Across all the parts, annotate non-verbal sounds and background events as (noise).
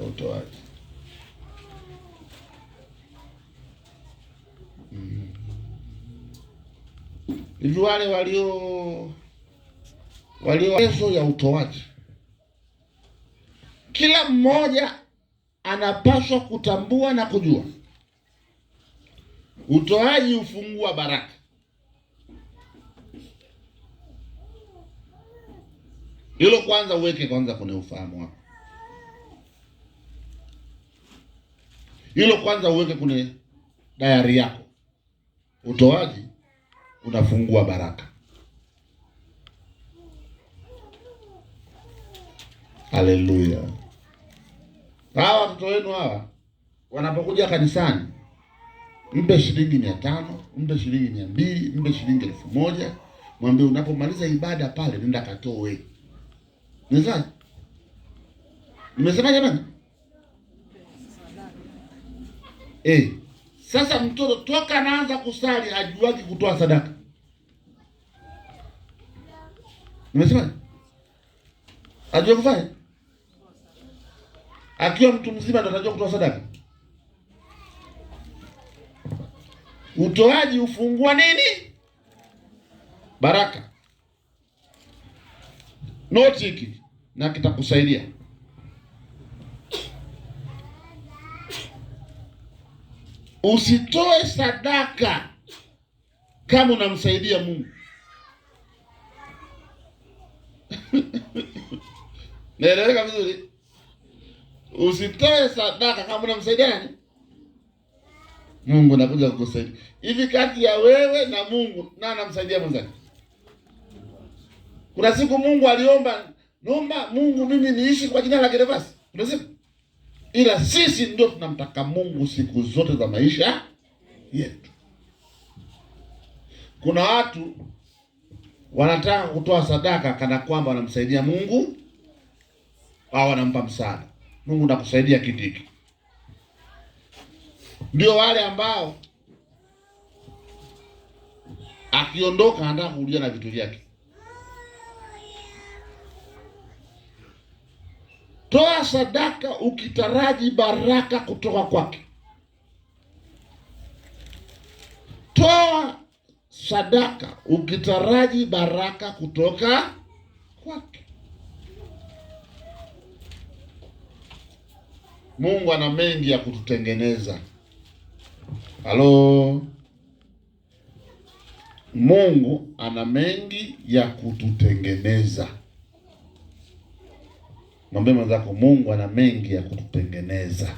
ya utoaji. Mm. wale walio wezo ya utoaji, kila mmoja anapaswa kutambua na kujua utoaji hufungua baraka. Hilo kwanza uweke kwanza kwenye ufahamu wako. Hilo kwanza uweke kwenye dayari yako. Utoaji unafungua baraka. Haleluya! Hawa watoto wenu hawa wanapokuja kanisani, mpe shilingi mia tano, mpe shilingi mia mbili, mpe shilingi elfu moja. Mwambie unapomaliza ibada pale, nenda katoe. Nimesema jamani? eh. Sasa mtoto toka anaanza kusali ajuaki kutoa sadaka. Nimesema ajua kufanya, akiwa mtu mzima ndo anajua kutoa sadaka. Utoaji ufungua nini? Baraka. Noti hiki na kitakusaidia. Usitoe sadaka kama unamsaidia Mungu. (laughs) Naeleweka vizuri? Usitoe sadaka kama unamsaidia nani? Mungu anakuja kukusaidia. Hivi kati ya wewe na Mungu na anamsaidia mwenzake? Kuna siku Mungu aliomba, nomba Mungu mimi niishi kwa jina la Gervasi. Kuna siku ila sisi ndio tunamtaka Mungu siku zote za maisha yetu. Kuna watu wanataka kutoa sadaka kana kwamba wanamsaidia Mungu au wanampa msaada Mungu, nakusaidia kitu hiki. Ndio wale ambao akiondoka anataka kurudia na vitu vyake. Toa sadaka ukitaraji baraka kutoka kwake. Toa sadaka ukitaraji baraka kutoka kwake. Mungu ana mengi ya kututengeneza. Halo, Mungu ana mengi ya kututengeneza. Mwambie mwenzako, Mungu ana mengi ya kututengeneza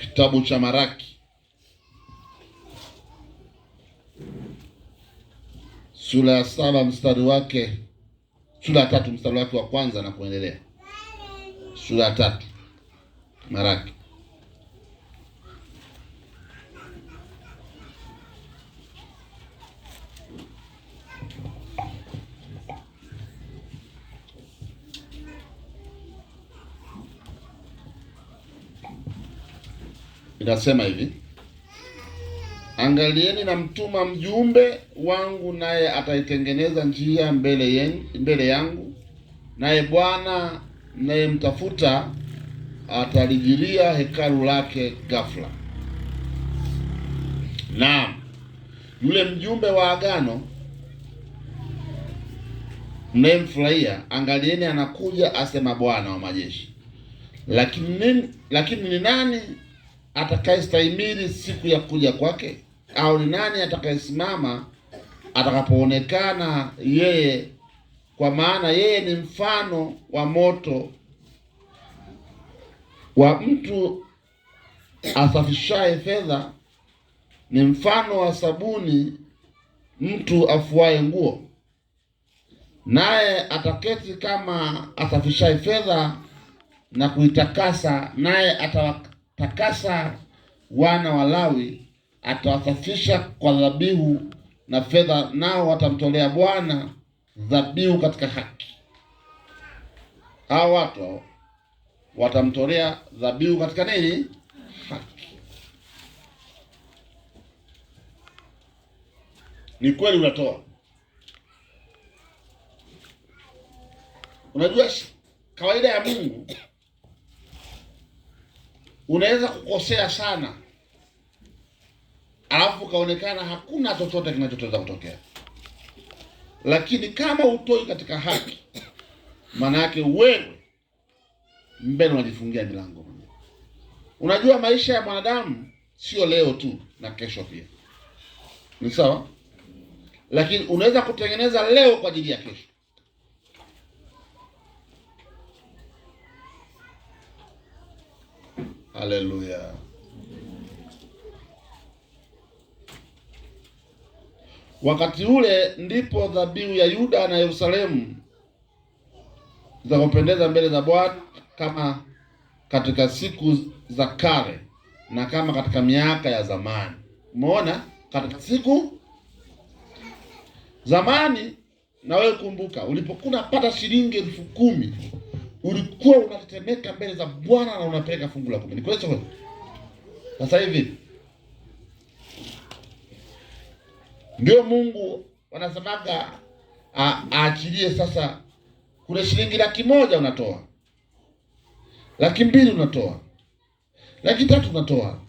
Kitabu cha Maraki sura ya saba mstari wake, sura ya tatu mstari wake wa kwanza na kuendelea, sura ya tatu Maraki. inasema hivi: Angalieni, namtuma mjumbe wangu, naye ataitengeneza njia mbele yen, mbele yangu. Naye Bwana mtafuta atalijilia hekalu lake ghafla. Naam, yule mjumbe wa agano mnayemfurahia, angalieni, anakuja, asema Bwana wa majeshi. Lakini lakini ni nani atakayestahimili siku ya kuja kwake? Au ni nani atakayesimama atakapoonekana yeye? Kwa maana yeye ni mfano wa moto wa mtu asafishaye fedha, ni mfano wa sabuni mtu afuaye nguo. Naye ataketi kama asafishaye fedha na kuitakasa, naye atawatakasa wana wa Lawi, atawasafisha kwa dhabihu na fedha, nao watamtolea Bwana dhabihu katika haki. Hao watu watamtolea dhabihu katika nini? Haki. Ni kweli unatoa. Unajua kawaida ya Mungu Unaweza kukosea sana alafu ukaonekana hakuna chochote kinachotoweza kutokea, lakini kama utoi katika haki, maana yake wewe mbele unajifungia milango. Unajua, maisha ya mwanadamu sio leo tu na kesho pia, ni sawa, lakini unaweza kutengeneza leo kwa ajili ya kesho. Haleluya. Wakati ule ndipo dhabihu ya Yuda na Yerusalemu za kupendeza mbele za Bwana kama katika siku za kale na kama katika miaka ya zamani. Umeona, katika siku zamani, na wewe kumbuka, ulipokuwa unapata shilingi elfu kumi ulikuwa unatetemeka mbele za Bwana na unapeleka fungu la kumi. Ni kweli kweli? Sasa hivi ndio Mungu wanasemaga aachilie sasa, kuna shilingi laki moja unatoa, laki mbili unatoa, laki tatu unatoa.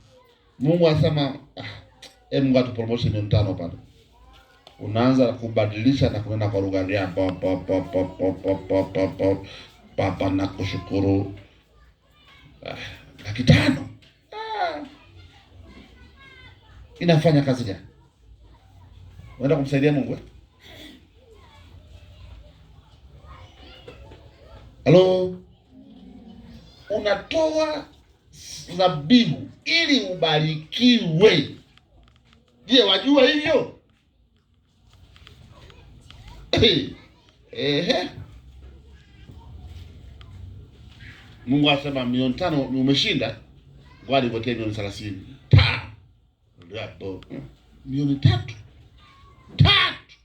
Mungu anasema ah, eh, Mungu atu promotion mtano pale unaanza kubadilisha na kunena kwa lugha ya pop pop pop pop pop pop Baba nakushukuru ah, laki tano ah, inafanya kazi gani? Unaenda kumsaidia Mungu eh? Halo, unatoa sabibu ili ubarikiwe. Je, wajua hivyo? Ehe. Mungu asema milioni tano umeshinda, ngoja niletee milioni thelathini ta hapo milioni tatu tatu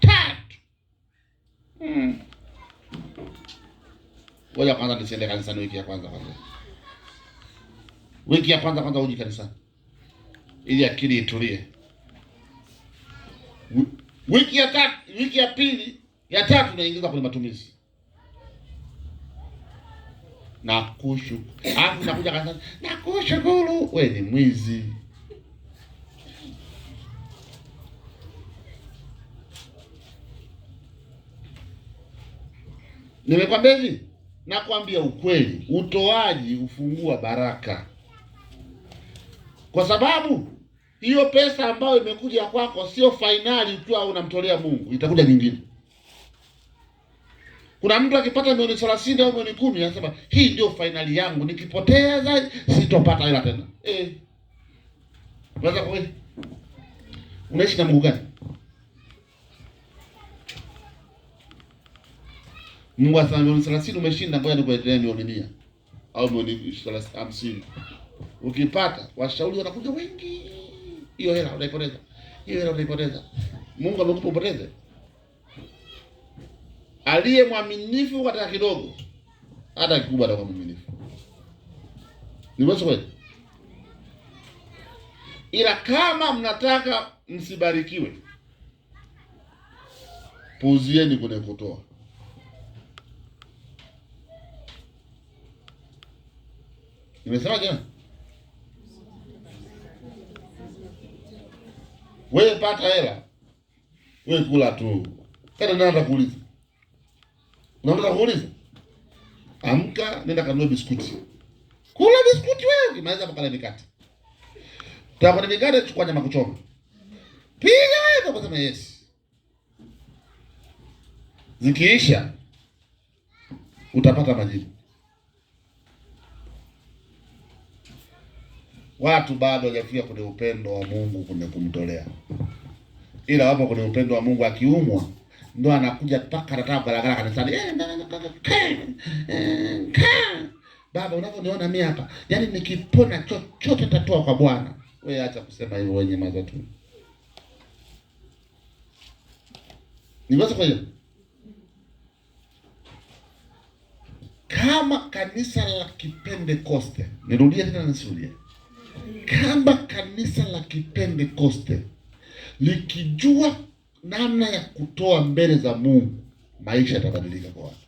tatu. Mm, ngoja kwanza nisiende kanisani wiki ya kwanza kwanza, wiki ya kwanza kwanza uji kanisani ili akili itulie. Wiki ya tatu, wiki ya pili ya tatu naingiza kwenye matumizi kushu Alafu ah, nakuja kanisani, nakushukuru. We ni mwizi. Nimekwambia hivi, nakwambia ukweli, utoaji hufungua baraka, kwa sababu hiyo pesa ambayo imekuja kwako sio fainali ukiwa unamtolea Mungu, itakuja nyingine. Kuna mtu akipata milioni thelathini au milioni kumi anasema hii ndio fainali yangu, nikipoteza sitopata hela tena. Eh, unaweza kwa unaishi na Mungu gani? Mungu asema milioni thelathini umeshinda, ngoja nikuletea milioni mia au milioni hamsini. Ukipata washauri wanakuja wengi, hiyo hela unaipoteza, hiyo hela unaipoteza. Mungu amekupa upoteze aliye mwaminifu katika kidogo, hata kikubwa atakuwa mwaminifu. Ni kweli, ila kama mnataka msibarikiwe, puuzieni kwenye kutoa. Nimesema jana, wewe pata hela, wewe kula tu, kana nani atakuuliza? Unataka kuuliza? Amka, nenda kanunue biskuti. Kula biskuti wewe, maliza pakala mikate. Tutakwenda mikate, chukua nyama kuchoma. Piga wewe kwa kusema yes. Zikiisha utapata majibu. Watu bado hawajafika kwenye upendo wa Mungu, kwenye kumtolea, ila wapo kwenye upendo wa Mungu akiumwa ndo anakuja mpaka anataka barabara kanisani. Eh, eh, Baba, unavyoniona mimi hapa, yaani nikipona chochote tatoa kwa Bwana. Wewe acha kusema hivyo, wenye mazo tu niweza kwa hiyo. Kama kanisa la Kipentekoste, nirudie tena, nisirudie, kama kanisa la Kipentekoste likijua namna ya kutoa mbele za Mungu, maisha yatabadilika kwa watu.